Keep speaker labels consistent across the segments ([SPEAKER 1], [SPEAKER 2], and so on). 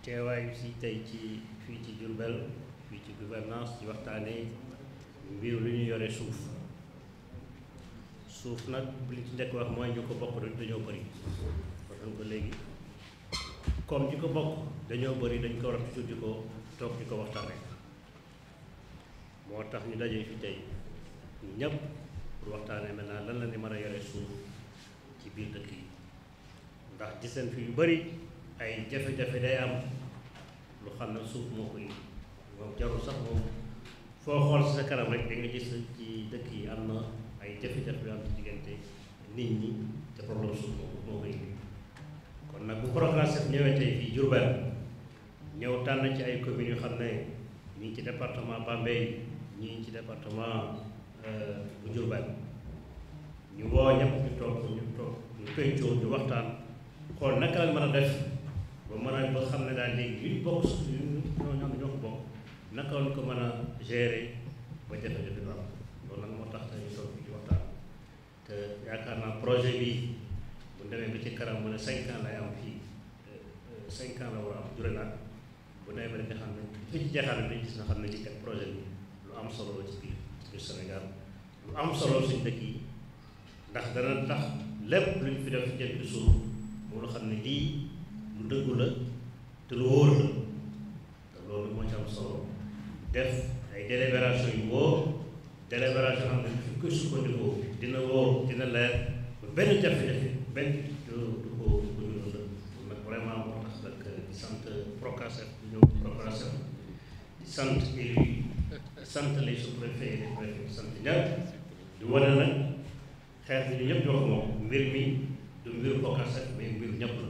[SPEAKER 1] teewaayu si tey ci fii ci Diourbel fii ci gouvernance ci waxtaanee mbir lu ñu yore suuf suuf nag li ci njëkk wax mooy ñu ko bokk dañoo bëri wax nañ ko léegi comme ñu ko bokk dañoo bëri dañ ko war a toujours di ko toog di ko waxtaan moo tax ñu daje fi tey ñëpp pour waxtaanee maintenant lan la ni mën a yore suuf ci biir dëkk yi ndax gis nañ fi yu bëri ay jafe-jafe day am lu xam ne suuf moo ko indi moom jarul sax moom foo xool si sa kanam rek da gis ci dëkk yi am na ay jafe-jafe yu am ci diggante nit ñi te suuf moo moo ko indi kon nag bu PROCASEF ñëwee tey fii Diourbel ñëw tànn ci ay communes yu xam ne ñu ngi ci département Bambey ñu ngi ci département euh, bu Diourbel ñu woo ñëpp ñu toog ñu toog ñu pencoo ñu waxtaan xool naka la mën a def ba mën a xam ne daal léegi luñ bokk suñu ñoo ñoo ñoo ko bokk naka lañ ko mën a gérer ba jafe-jafe du am loolu nag moo tax dañuy toog di te yaakaar naa projet bi bu demee bi ci kanam mu ne cinq ans lay am fii euh, cinq ans la war a am jure naa bu demee ba nga xam ne fi ci jaxaar bi gis na xam ne ci kat projet bi lu am solo la ci biir ci biir Sénégal lu am solo suñ dëkk yi ndax dana tax lépp luñ fi def jël ci suuf moo xam lu dëggu la te lu wóor la te loolu moo ci am solo def ay délibération yu wóor délibération xam ne fi koy sukkandikoo dina wóor dina leer ba benn jafe-jafe benn du du ko du ñu la kon nag vraiment moo tax nag di sant Procasef bu ñëw Procasef di sant élus di sant les sous-préfets les préfets di sant ñaar di wane nag xeex bi ñu ñëpp ñoo ko moom mbir mi du mbir Procasef mais mbir ñëpp la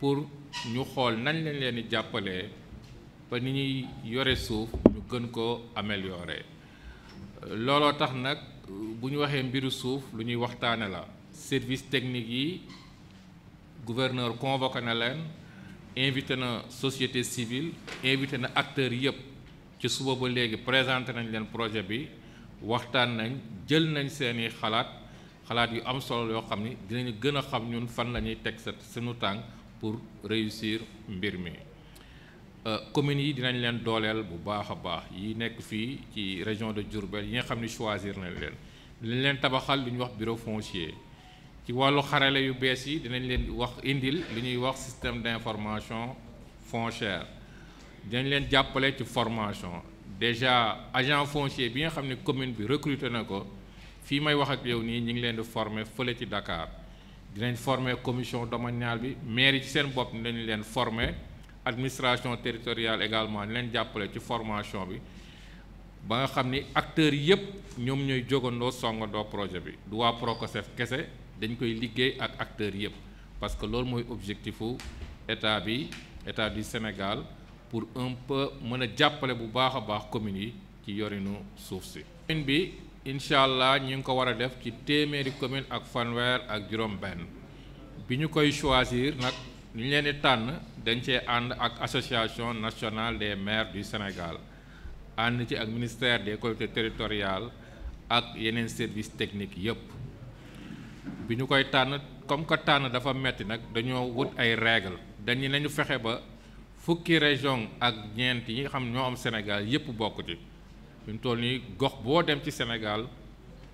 [SPEAKER 2] pour ñu xool nañ lañ leen di jàppalee ba ni ñuy yore suuf ñu gën koo améliorer looloo tax nag bu ñu waxee mbiru suuf lu ñuy waxtaane la service technique yi gouverneur convoqué na leen invité na société civile invité na acteurs yëpp ci suba ba léegi présenté nañ leen projet bi waxtaan nañ jël nañ seeni xalaat xalaat yu am solo yoo xam ni dinañu gën a xam ñun fan la ñuy teg sa suñu tànk pour réussir Mbirmi. mi euh, communes yi dinañ leen dooleel bu baax a baax yi nekk fii ci région de Diourbel yi nga xam ne choisir nañ leen dinañ leen tabaxal lu ñuy wax bureau foncier ci wàllu xarale yu bees yi dinañ leen wax indil lu ñuy wax système d'information foncière dinañ leen jàppale ci formation déjà agent foncier bi nga xam ne commune bi recruté na ko fii may wax ak yow nii ñu ngi leen di former fële ci Dakar dinañ former commission domaniale bi maire yi ci seen bopp dinañ leen former administration territoriale également di leen jàppale ci formation bi ba nga xam ni acteurs yëpp ñoom ñooy jógandoo songandoo projet bi du waa Procosef kese dañ koy liggéey ak acteurs yépp parce que loolu mooy objectif état bi état du Sénégal pour un peu mën a jàppale bu baax a baax communes yi ci yorinu suuf si. commune bi. incha allah ñu ngi ko war a def ci téeméeri commune ak fanweer ak juróom-benn bi ñu koy choisir nag ñu leen tànn dañ cee ànd ak association nationale des maires du Sénégal ànd ci ak ministère des collectivités territoriales ak yeneen services techniques yépp bi ñu koy tànn comme que tànn dafa metti nag dañoo wut ay règles dañu nañu fexe ba fukki région ak ñeent yi nga xam ñoo am Sénégal yépp bokk ci fi mu toll nii gox boo dem ci Sénégal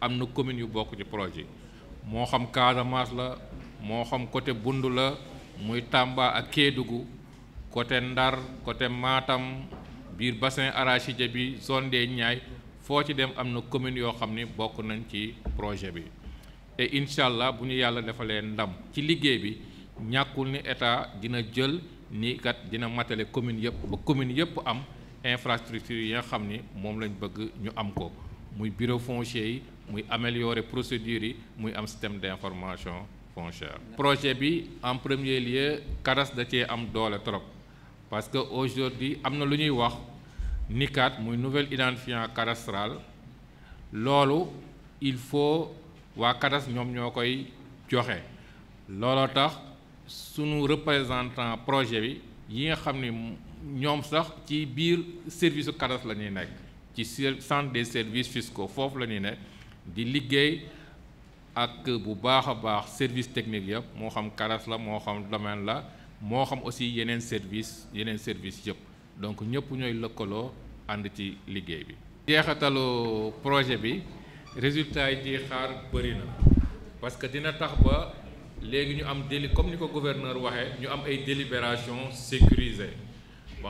[SPEAKER 2] am na commune yu bokk ci projet moo xam Casamance la moo xam côté Bundu la muy Tamba ak Kédougou côté Ndar côté maatam biir bassin arachidier bi zone des Niayes foo ci dem am na commune yoo xam ni bokk nañ ci projet bi te incha allah bu ñu yàlla defalee ndam ci liggéey bi ñàkkul ni état dina jël nii kat dina matale commune yëpp ba commune yëpp am infrastructure yi nga xam ni moom lañ bëgg ñu am ko muy bureau foncier yi muy améliorer procédures yi muy am système d'information foncière projet bi en premier lieu cadastre da cee am doole trop parce que aujourd'hui am na lu ñuy wax NICAD muy nouvelle identifiant cadastral loolu il faut waa cadastre ñoom ñoo koy joxe looloo tax sunu représentant projet bi yi nga xam ni ñoom sax ci biir service su la ñuy nekk ci centre des services fiscaux foofu la ñuy nekk di liggéey ak bu baax a baax service technique yëpp moo xam cadastre la moo xam domaine la moo xam aussi yeneen service yeneen service yëpp donc ñëpp ñooy lëkkaloo ànd ci liggéey bi. jeexatalu projet bi résultat yi di xaar bëri na parce que dina tax ba léegi ñu am déli comme ni ko gouverneur waxee ñu am ay délibération sécurisée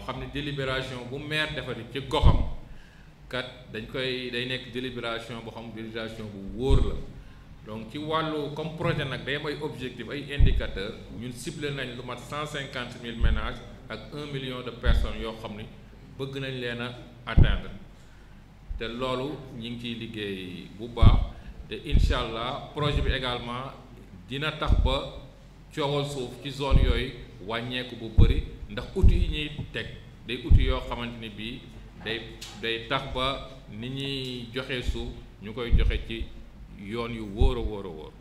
[SPEAKER 2] y délibération bu maire ci goxam kat dañ koy day délibération xam la donc comme projet day objectif ay indicateur ñun nañ lu ménages ak 1 million de personnes bëgg nañ atteindre liggéey bu baax inshallah projet bi également dina tax ba ci zone ndax outil yi ñuy teg day outil yoo xamante ni bii day day tax ba ni ñuy joxe suuf ñu koy joxe ci yoon yu wóora a wóor wóor